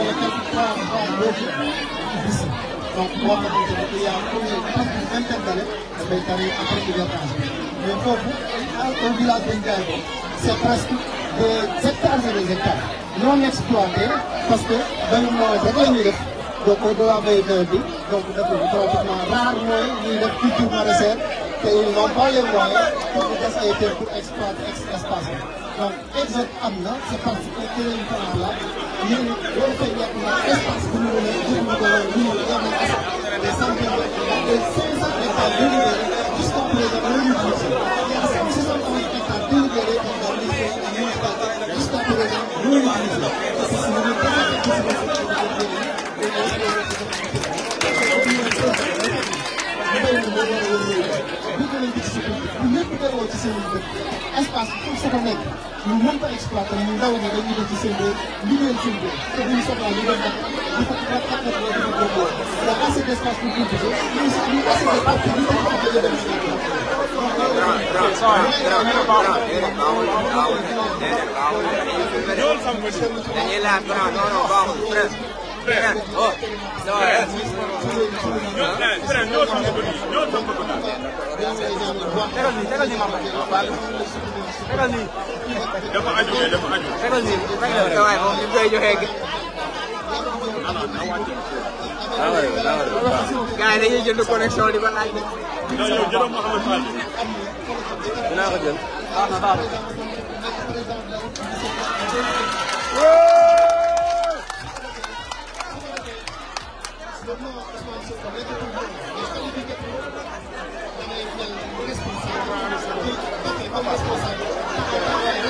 wala quelque part boo fi gis donc boo xamante ne il y a presque une vingtaine d'années dafay tari après hivernage bi mais foofu un village dañ jaay ko c'est presque des hectares et des hectares non exploités parce que benn nawet rek la ñuy def donc au-delà bay nawet bi donc dafa pratiquement rare mooy ñuy def culture maraîchère te ils n'ont pas les moyens pour des ay terres pour exploiter espace bi donc exode am na c' est parce que Téléni Talent la ñun boo fay nekk na espace bu ñu mënee jël mu doon ñu mën a amee espace des centaines de des 500 hectares délivrés jusqu'à présent loolu ñu jiitu il y a 171 hectares délivrés par la municipalité jusqu'à présent loolu ñu jiitu parce que ñu defante ci sama bi ci seen dëkk espace fu sa ko nekk ñu mën ko exploité ñu ndaw ñi dañuy def de seen réew li leen seen réew te bu ñu soxlaa ñu dem di ko di ko di ko di ko góor ndax assez d' espace pour cultiver ñu si ñu assez de parti ñu ko xam dañu dem seen réew. Dañuy laaj non non oh dafa aju de dafa aju. waaye moom ñu koy joxe gi. gars yi dañuy jënd connexion di ba laaj. yow jëloon Mouhamed Fall. dinaa ko jël. Thank you.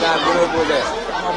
Ada bulu-bulu deh. Ang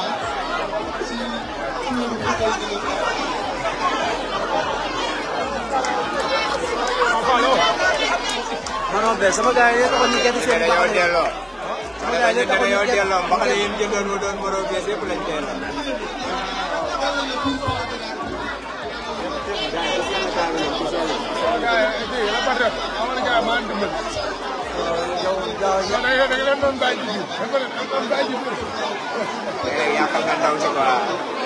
non non mais sama gars yi yëpp a ñu gerte seen baax a delloo. sama gars yi yëpp a ñu gerte ba xale yi jëndoon moo doon moro bees yëpp lañ delloo. yow yow yow.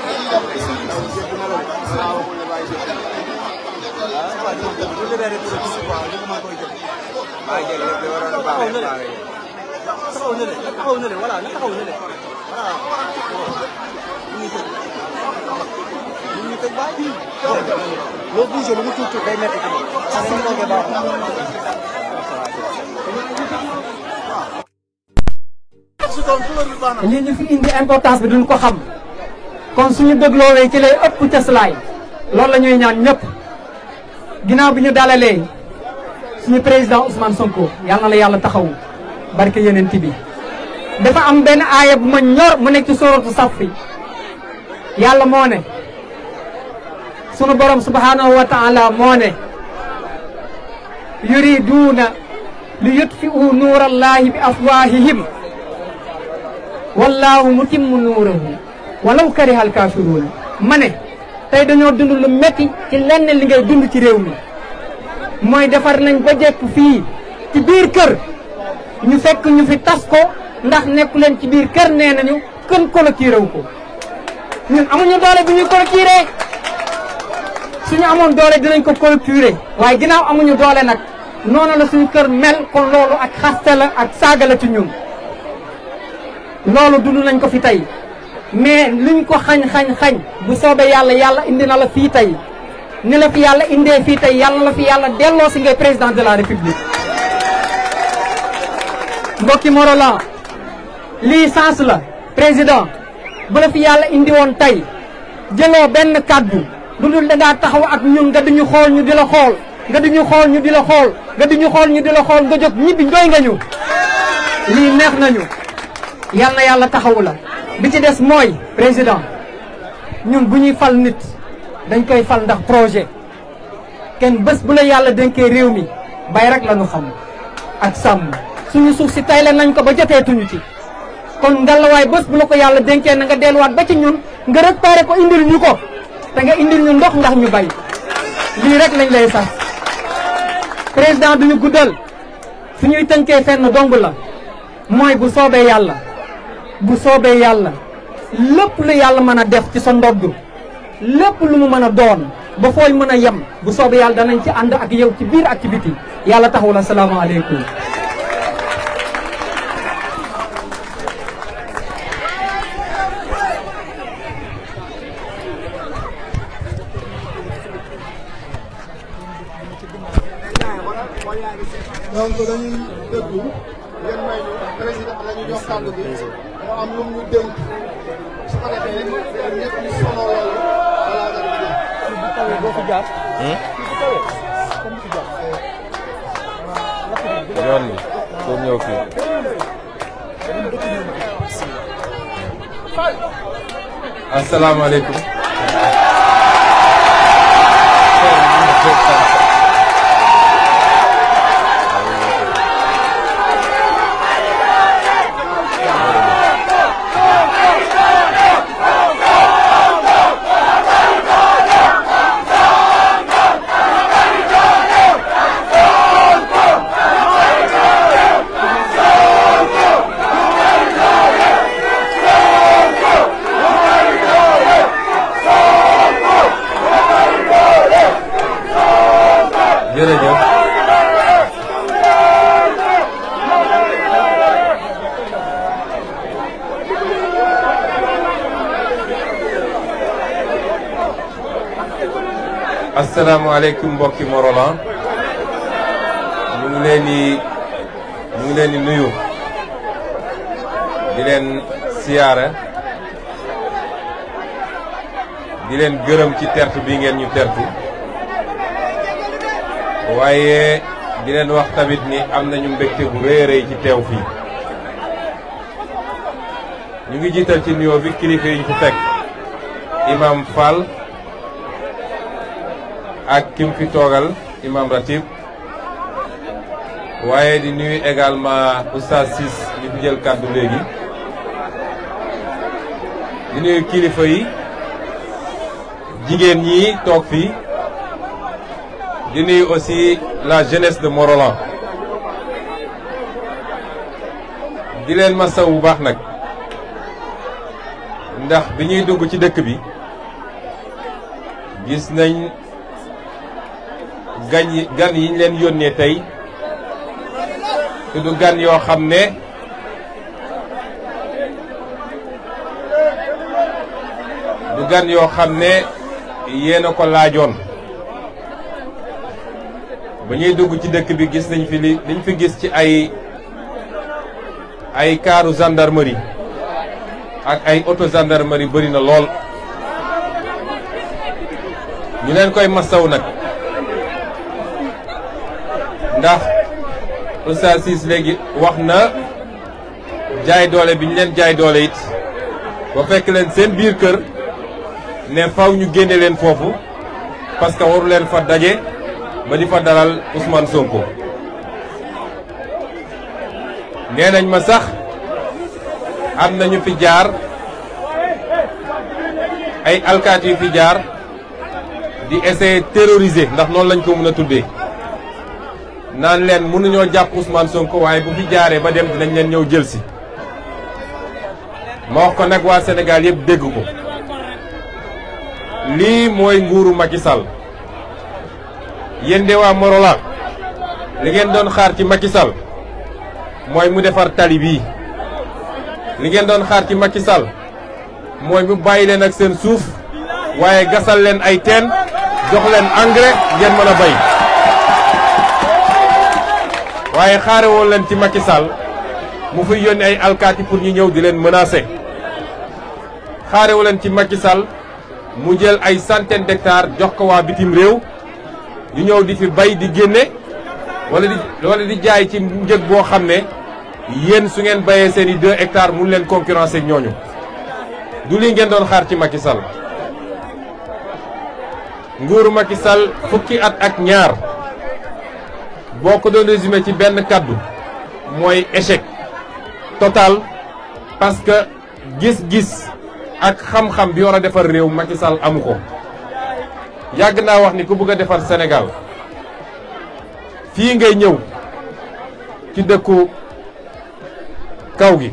li ñu fi indi importance bi duñ ko xam kon suñu dégloowee ci lay ëpp cëslaay loolu la ñuy ñaan ñëpp ginaaw bi ñu dalalee suñu président Ousmane Sonko yalla na la yalla taxaw barke yenen tibi dafa am ben aaya bu ma ñor mu nekk ci sóoratu Safi yalla mo ne suñu borom subhanahu wa taala mo ne yuriduna li yutfi'u nurallahi bi afwahihim wallahu mutimmu walaw kariha alkaafiruuna ma ne tey dañoo dund lu metti ci lenn li ngay dund ci réew mi mooy defar nañ ba jekk fii ci biir kër ñu fekk ñu fi tas ko ndax nekku leen ci biir kër nee nañu kën clôturé wu ko ñun amuñu doole bu ñuy clôturé suñu amoon doole dinañ ko clôturé waaye ginnaaw amuñu doole nag noonu la suñu kër mel kon loolu ak xaste la ak saaga la ci ñun loolu dund nañ ko fi tey mais luñ ko xañ-xañ-xañ bu soobee yàlla yàlla indi na la fii tey ni la fi yàlla indee fii tey yàlla la fi yàlla delloo si ngay président de la république mbokki Morolan lii sens la président bu la fi yàlla indi woon tey jëloo benn kàddu lu dul dangaa taxaw ak ñun nga duñu xool ñu di la xool nga duñu xool ñu di la xool nga duñu xool ñu di la xool nga jóg ñibbi jooy nga ñu lii neex nañu yal na yàlla taxawu la bi ci dess moy président ñun buñuy fal nit dañ koy fal ndax projet ken bés bu la yàlla dénkee réew mi bay rek la ñu xam ak sam suñu suuf si tayle nañ ko ba tuñu ci kon way bés bu la ko yàlla dénkee na nga delluwaat ba ci ñun nga paré ko indil ñu ko da nga indil ñu ndox ndax ñu bay li rek lañ lay sax président duñu guddal suñuy tanké fenn dong la moy bu sobé yalla bu soobee yàlla lëpp lu yàlla mën a def ci sa ndoddu lépp lu mu mën a doon ba fooy mën a yem bu soobee yàlla danañ ci ànd ak yow ci biir activité yàlla taxawul asalaamaaleykum kawee doo ko jaar. fii bu hmm? kawee kenn du ko jaar. yoon bi pour ñëw fii. asalaamaaleykum. asalaamaaleykum mbokki Morolan ñu ngi ñu leen di nuyu dileen leen siyaara di leen gërëm ci tertu bi ngeen ñu tertu waaye di leen wax tamit ni am nañu mbégte bu rëy ci teew fii ñu ngi jiital ci nuyoo bi kilifa yi ñu fi fekk ak kim fi togal imam ratib waye di nuyu également oustad sis ni fi jël kàddu léegi di nuyu kilifa yi jigen ñi tok fi di nuyu aussi la jeunesse de Morolan di leen massa bu baax nag ndax bi ñuy dugg ci dëkk bi gis nañ gan yi gan yi leen yónnee tey te du gan yoo xam ne du gan yoo xam ne yéen a ko laajoon ba ñuy dugg ci dëkk bi gis nañ fi li liñ fi gis ci ay ay kaaru gendarmerie ak ay oto gendarmerie bëri na lool ñu leen koy mastaw nag ndax Oustaz Ciss léegi wax na jaay doole bi ñu leen jaay doole it ba fekk leen seen biir kër ne faw ñu génne leen foofu parce que waru leen fa daje ba di fa dalal Ousmane Sonko. nee nañ ma sax am na ñu fi jaar ay alkaati yu fi jaar di essayer terroriser ndax noonu lañ ko mën a tuddee. Nan munu ñoo japp Ousmane Sonko waye bu fi jaaré ba dem dinañ len ñew jël ci mo ko nak wa Sénégal yépp dégg ko li moy nguru Macky Sall yende wa Morola li ngeen doon xaar ci Macky Sall moy mu défar tali bi li ngeen doon xaar ci Macky Sall moy mu bàyyi leen ak seen souf waye gasal len ay ten jox len engrais ngeen mëna bay waye xare won len ci Macky Sall mu fay yoni ay alkati pour ñu ñew di len menacer xare won len ci Macky Sall mu jël ay centaine d'hectares jox ko wa bitim rew ñu ñew di fi bay di génné wala di wala di jaay ci njëg bo xamné yeen su ngeen bayee seen 2 hectares mu len concurrencer ak ñoñu du li ngeen doon xaar ci Macky Sall Macky Sall fukki at ak ñaar. boo ko doon résumé ci benn kàddu mooy échec total parce gis-gis ak xam-xam bi war a defar réew Macky sal amu ko yàgg naa wax ni ku bëgg a defar Sénégal fii ngay ñëw ci dëkku kaw gi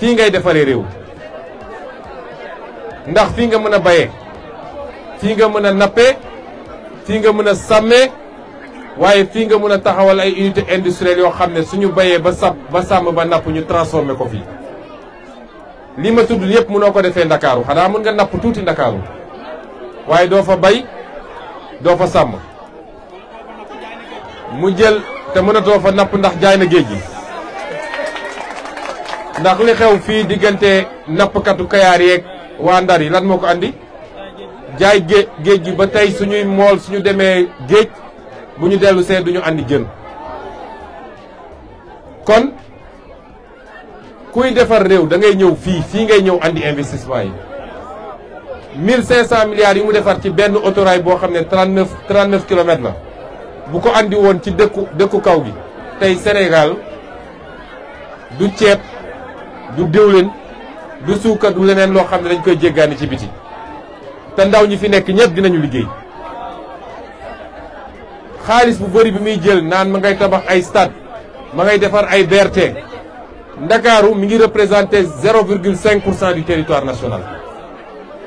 fii ngay defaree réew ndax fii nga mën a bayee fii nga mën a nappee fii nga mën a sàmmee waye fi nga mëna taxawal ay unité industrielle yo xamné suñu bayé ba sap ba sam ba nap ñu transformer ko fi li ma tudd yëpp mënoo ko defee ndakaaru xanaa mën nga nap touti ndakaaru waye do fa bay do fa sam mu jël te mënatoo fa nap ndax jaay na géej gi ndax li xew digënté nap katu kayar yeeg wa ndar yi lan moko andi jaay géej gi ba tay suñuy mol suñu démé bu ñu dellu duñu andi jën kon kuy defar réew da ngay ñëw fi fi ngay ñëw andi investissement yi 1500 milliards yi mu defar ci benn autoroute bo xamné 39 39 km la bu ko andi won ci dekk dekk kaw gi tay Sénégal du ciép du diwlin du suukar du leneen lo xamné ne dañ koy jéggani ci biti te ndaw ñi fi nekk ñepp dinañu liggéey. xaalis bu bëri bi muy jël naan ma ngay tabax ay stade ma ngay defar ay BRT ndakaaru mu ngi représenté 0,5 pour cent du territoire national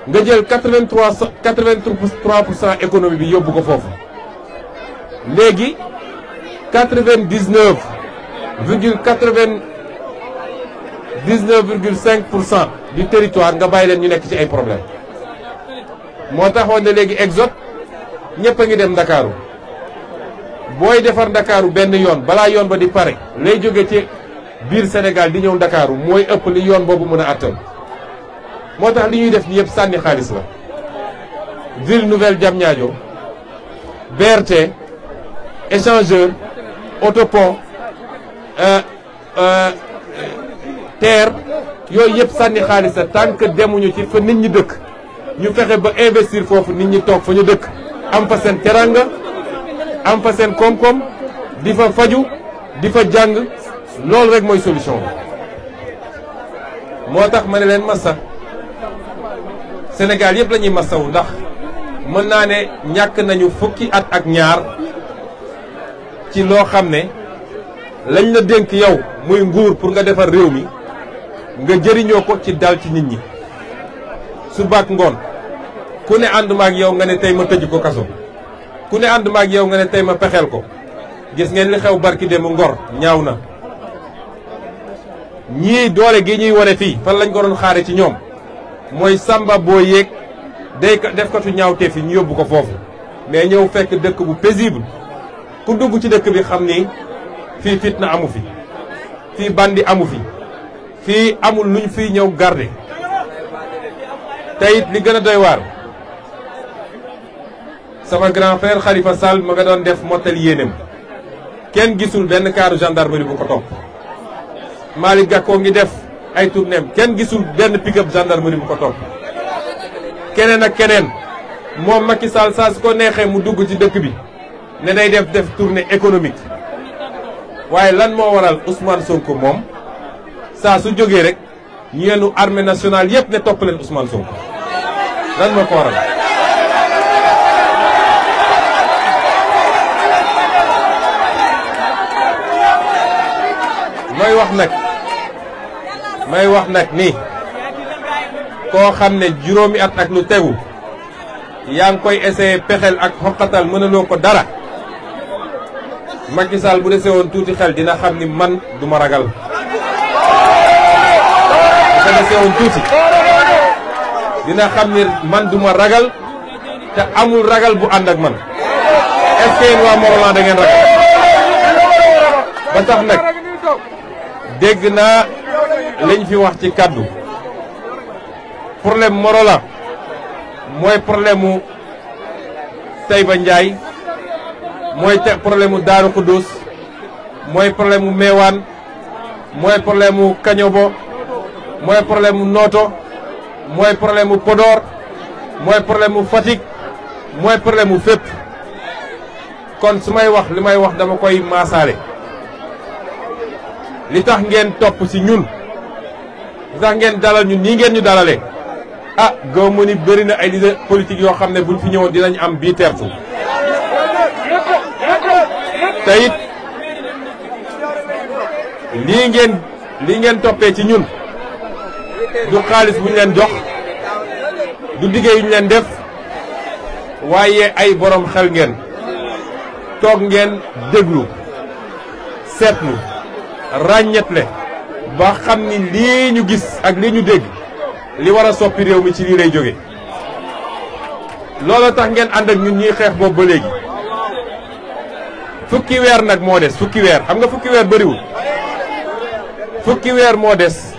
nga jël 83 83 pour cent économie bi yóbbu ko foofu léegi 99 virgule 99 virgule 5 pour cent du territoire nga bàyyi leen ñu nekk ci ay problème moo taxoon ne léegi exode ñëpp a ngi dem ndakaaru booy defar ndakaaru benn yoon balaa yoon ba di pare lay jóge ci biir senegal di ñëw ndakaaru mooy ëpp li yoon boobu mën a àttal moo tax li ñuy def ni yëpp sànni xaalis la ville nouvelle Diamniadio BRT échangeur autopont euh, euh, terre yooyu yëpp sànni xaalis la tànk que demuñu ci fa nit ñi dëkk ñu fexe ba investir foofu nit ñi toog fa ñu dëkk am fa seen teranga am fa sen kom kom di fa faju di fa jàng loolu rek moy solution motax mané len massa Sénégal yépp lañuy massaw ndax mën na né ñak nañu fukki at ak ñaar ci lo xamné lañ la dénk yow muy nguur pour nga défar réew mi nga jëriño ko ci dal ci nit ñi bak ngon ku ne ma ak yow nga né tay ma tejj ko kaso ku ne ànd maag yow nga ne tey ma pexeel ko gis ngeen li xew barki démb Ngor ñaaw na ñii doole gi ñuy wane fii fan lañ ko doon xaare ci ñoom mooy sàmba boo yéeg day defkatu ñaawteef yi ñu yóbbu ko foofu mais ñëw fekk dëkk bu paisible ku dugg ci dëkk bi xam ni fii fitna amu fi fii bandi amu fi fii amul luñ fi ñëw garde te it li gën a doy waar sama grand frère xalifa Sall ma nga doon def mottali yéenem kenn gisul benn kaaru gendarmerie bu ko topp Malick Gakou ngi def ay tournéem kenn gisul benn pick-up gendarmerie bu ko topp keneen ak keneen moom Macky Sall saa su ko neexee mu dugg ci dëkk bi ne day def def tournée économique waaye lan moo waral Ousmane Sonko moom saa su jógee rek ñu yenu armée nationale yépp ne topp leen Ousmane Sonko lan moo may wax nag may wax nag ni koo xam ne juróomi at ak lu tegu yaa ngi koy essayer pexeel ak xoqatal mënaloo ko dara Macky Sall bu dese woon tuuti xel dina xam ni man du ma ragal bu ko man ma ragal te amul ragal bu ànd ak man est waa Morolan da ragal ba tax nag dégg naa liñ fi wax ci kaddu problème la mooy problème mu Taïba Ndiaye mooy te problème mu Daaru Xuddus mooy problème mu Meewaan mooy problème mu Kañobo mooy problème mu Nooto mooy problème mu Podor mooy problème mu Fatick mooy problème mu fépp kon su may wax li wax dama koy maasaale li tax ngeen top ci ñun li tax ngeen dalal ñun ni ngeen ñu dalalee ah gaw ma ni bëri na ay leader politique yo xam buñ fi ñëwoon dinañ am bi tertu te li ngeen li ngeen topé ci ñun du xaaliss buñ leen jox du diggé yuñ leen def waaye ay borom xel ngeen tok ngeen deglu setlu le ba xamni ni ñu gis ak li ñu deg li wara soppi rew mi ci li lay joge lolo tax ngeen and ak ñun ñi xex boobu ba legi fukki wer nak mo dess fukki wer xam nga fukki bari wu fukki wer mo dess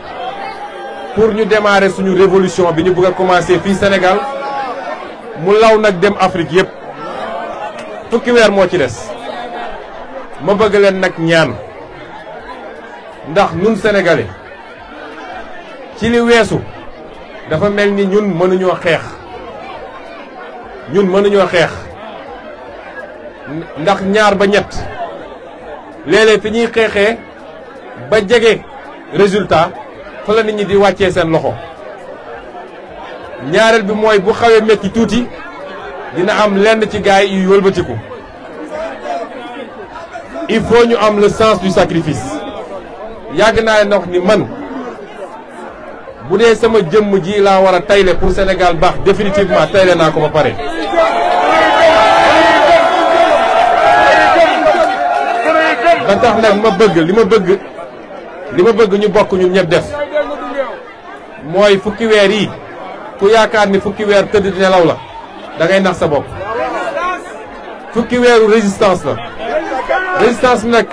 pour ñu démarrer suñu révolution bi ñu bëgg commencer fi Sénégal mu law nak dem Afrique yépp fukki wer mo ci dess ma bëgg len nak ñaan Nous, ñun sénégalais ci li weesu dafa mel ni ñun mënuñoo xeex ñun mënuñoo xeex ndax ñaar ba ñett léeg fi ñuy xeexee ba jege résultat fa la nit ñi di wàccee seen loxo ñaareel bi bu dina am lenn ci gaay yu wëlbatiku il faut ñu am le sens du sacrifice yagna naa wax ni man boudé sama jëm ji la wara a pour Sénégal bax définitivement taylé naa ko ba paré ba tax nak ma bëgg lima bëgg lima bëgg ñu bokk ñun ñëpp def moy fukki wër yi ku yaakaar ni fukki weer tëdd nelaw la da ngay nax sa bop fukki wëru résistance la résistance nak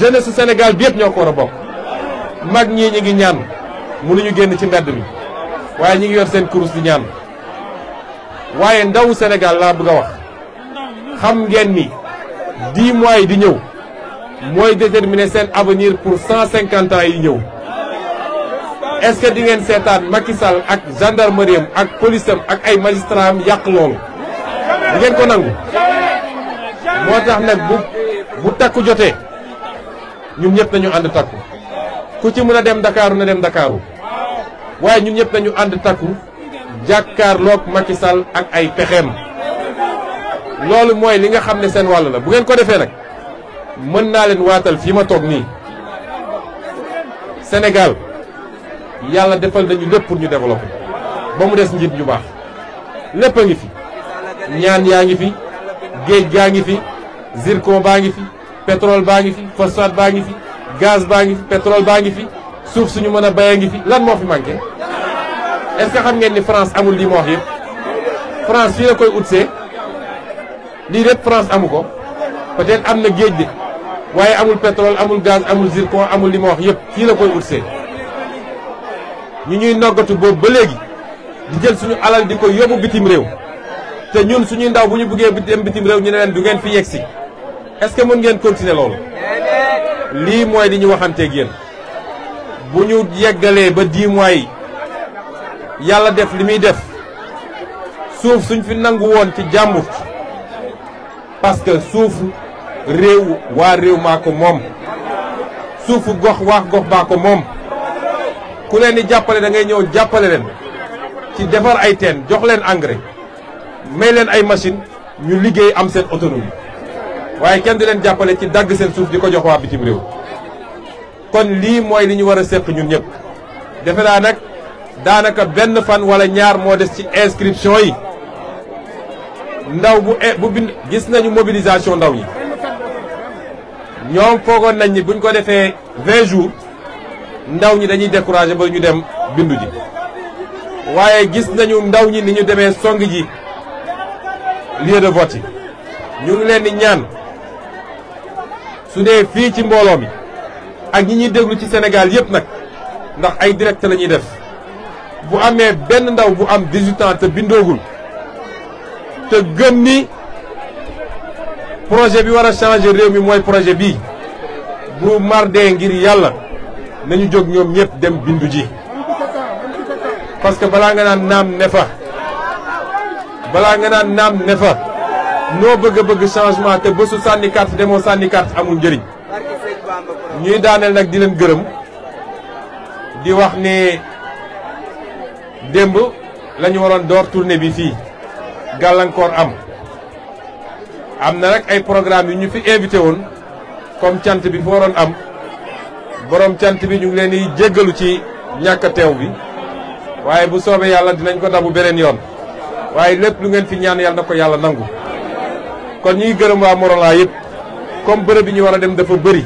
jeunesse Sénégal bi yëpp ñoko wara bokk. mag ñii ñi ngi ñaan ñu génn ci mbedd mi waaye ñi ngi yor seen kurus di ñaan waaye ndaw Sénégal laa bëgg wax xam ngeen ni dix mois di ñëw mooy déterminer seen avenir pour cent cinquante ans yi ñëw est-ce di ngeen seetaan Macky Sall ak gendarmerie ak police ak ay magistrat am yàq loolu di ngeen ko nangu moo tax nag bu bu takku jotee ñun ñëpp nañu ànd takku ku ci mëna dem Dakar na dem Dakaru waaye ñun ñep nañu taku jakar lok Macky Sall ak ay pexem lolu moy li nga xamne ne seen la bu ngeen ko defé nak mën na leen watal fi ma tok ni Senegal yalla defal nañu lepp pour ñu développer ba mu des njit ñu baax lepp nga fi ñaan yaangi fi geej jaangi fi zircon baangi fi pétrole baangi fi phosphate baangi fi gaz baa petrol fi pétrole baa fi souf suñu mëna bayangi fi lan mo fi manké est-ce xam ngeen ni France amul li mo wax France fi la koy outsé lii rep France amu ko peut-être amna na de amul petrol, amul gaz amul zircon amul li mo wax yépp fi la koy outsé ñi ñuy nogatu bo ba légui di jël suñu alal di ko bitim rew té ñun suñu ndaw bu ñu bëggee bitim rew ñu neen du ngeen fi yegsi est-ce que mën ngeen continuer lii mooy li ñu waxanteeg yéen bu ñu yeggalee ba dix mois yàlla def li muy def suuf suñ fi nangu woon ci jàmbur parce que suuf réew waa réew maa ko moom suufu gox waa gox baa ko moom ku leen di jàppale da ngay ñëw jàppale leen ci defar ay teen jox leen engrais may leen ay machine ñu liggéey am seen autonomie waaye kenn di leen jàppale ci dagg seen suuf di ko jox waa bitim réew kon lii mooy li ñu war a séq ñun ñëpp defe naa nag daanaka benn fan walla ñaar moo des ci inscription yi ndaw bu e- gis nañu mobilisation ndaw ñi ñoom foogoon nañ ni buñ ko defee 20 jours ndaw ñi dañuy découragé ba ñu dem bindu ji waaye gis nañu ndaw ñi ni ñu demee song ji lieu de yi ñu ngi leen di ñaan su fii ci mbooloo mi ak ñi ñuy déglu ci Sénégal yépp nag ndax ay direct la ñuy def bu amee benn ndaw bu am 18 bindoogul te gëm ni projet bi war a changer réew mi mooy projet bii bu mardee ngir yàlla nañu jóg ñoom ñépp dem bindu ji parce que balaa nga naan naam ne fa balaa nga naan naam ne fa no bëgg bëgg changement te bésu sanni carte démo sanni carte amul njëriñ ñuy daanel nak di leen gëreum di wax démb lañu waron door tourner bi fi galankor am am na ay programme yu ñu fi invité won comme tiant bi fo am borom tiant bi ñu ngi leen di jéggalu ci ñaka tew bi waye bu soobe yalla dinañ ko dabu benen yoon waye lepp lu ngeen fi ñaan yalla nako yalla nangu kon ñuy gërëm waa Morolan yëpp comme bërëb bi ñu war a dem dafa bëri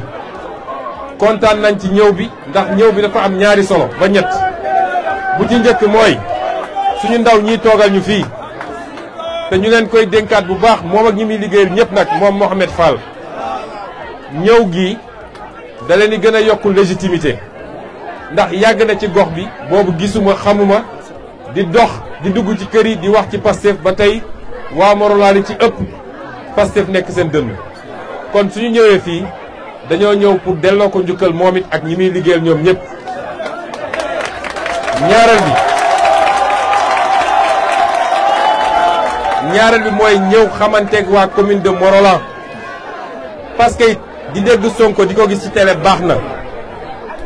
kontaan nañ ci ñëw bi ndax ñëw bi dafa am ñaari solo ba ñett bu ci njëkk mooy suñu ndaw ñii toogal ñu fii te ñu leen koy dénkaat bu baax moom ak ñi muy liggéeyal ñëpp nag moom Mouhamed Fall ñëw gi da leen di gën a yokku légitimité ndax yàgg na ci gox bi boobu gisuma xamuma di dox di dugg ci kër yi di wax ci Pastef ba tey waa Morolan li ci ëpp Pastef nek sen deun kon suñu ñëwé fi dañoo ñëw pour delloo ko jukkal momit ak ñi muy liggéeyal ñoom ñëpp ñaaral bi ñaaral bi moy ñëw ak wa commune de Morola parce que di dégg Sonko diko ko gis ci télé baxna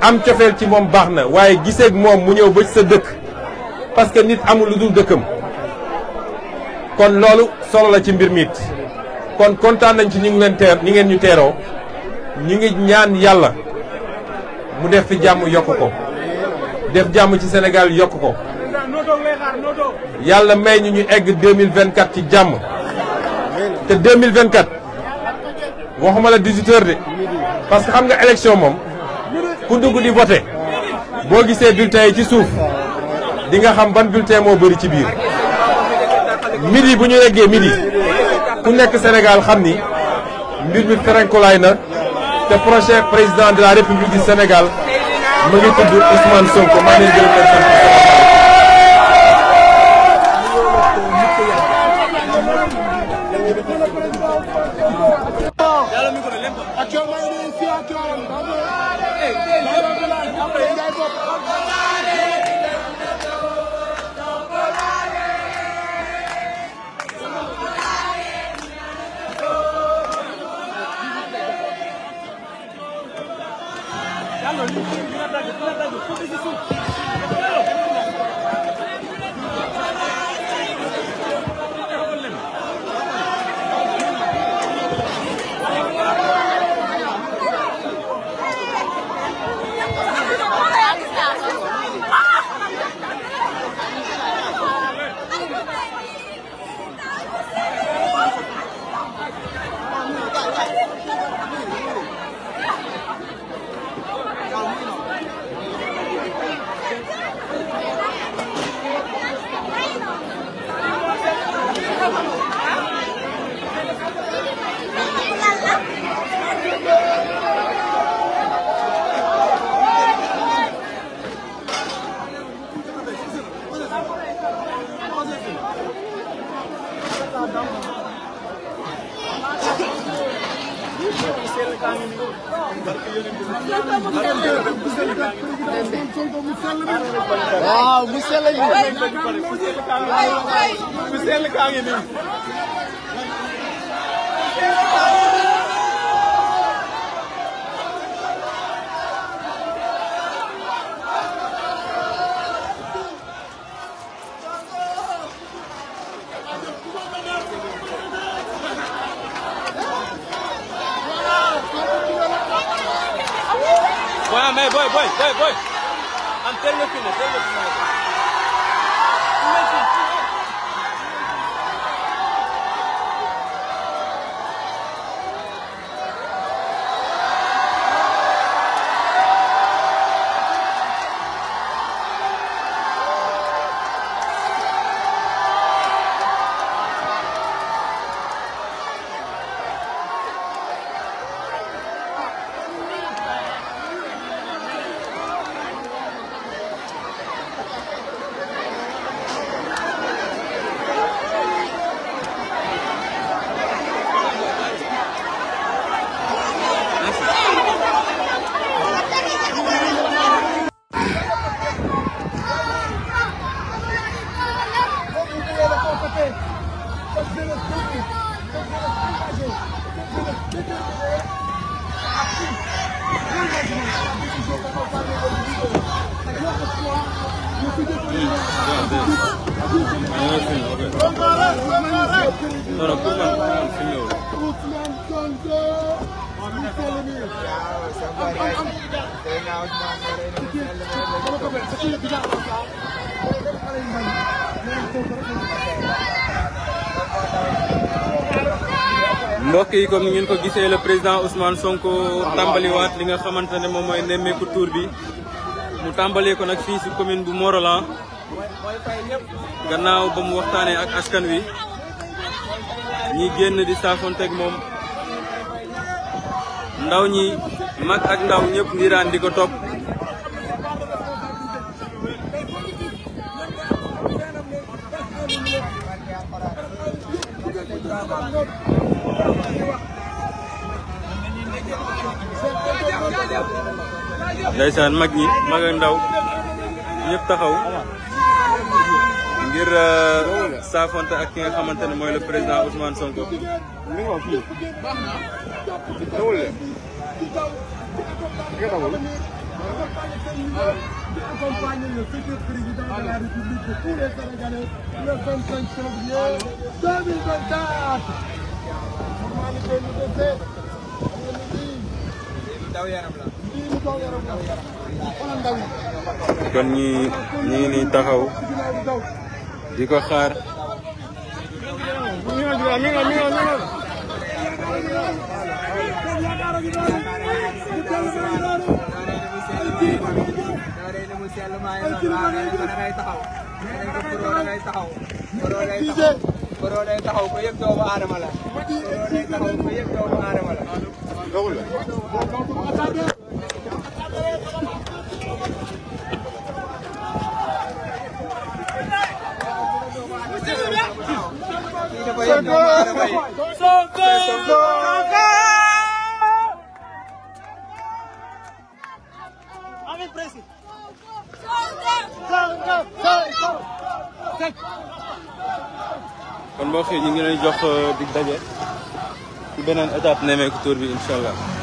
am cofeel ci mom baxna waye waaye ak mom mu ñëw ba ci sa dëkk parce que nit amul luddul dëkkam kon lolu solo la ci mbir mit kon kontaan nañ ci ñu ngi leen teer ñi ngeen ñu teeroo ñu ngi ñaan yàlla mu def fi jàmm yokk ko def jàmm ci Sénégal yokk ko yàlla may ñu ñu egg 2024 ci jàmm te 2024 waxuma la 18 heures de parce que xam nga élection moom ku dugg di voté boo gisee bulletin yi ci suuf di nga xam ban bulletin moo bëri ci biir midi bu ñu eggee midi ku nekk Sénégal xam ni mbir mi ferenkulaay na te prochain président de la république du Sénégal mu ngi tudd Ousmane Sonko maa ngi leen gërëm Damn, hey, boy, boy, boy, boy. I'm telling you, I'm telling you. mbokk yi comme ngeen ko gisee le président Ousmane Sonko tàmbaliwaat li nga xamante ne moom mooy nemmeeku tour bi mu tàmbalee ko nag fii si commune bu morola gannaaw ba mu waxtaanee ak askan wi ñi génn di saafonteeg moom ndaw ñi mag ak ndaw ñëpp ndiraan di ko topp Thank you. ndeysaan mag ñi mag ak ndaw ñëpp taxaw ngir euh, saafonte ak ki nga xamante ne mooy le président Ousmane Sonko. accompagner le futur président de la République de tous les Sénégalais le 25 février 2024. kon ñi ñii ni taxaw di ko Corona itu tahu proyek tuh apa arah malah. Corona itu tahu proyek tuh apa arah malah. Gol. Amin presi. Go go go go go go. kon mbokk yi ñu ngi leen jox euh, dig daje ci beneen étape Nemmeeku Tour bi incha allah.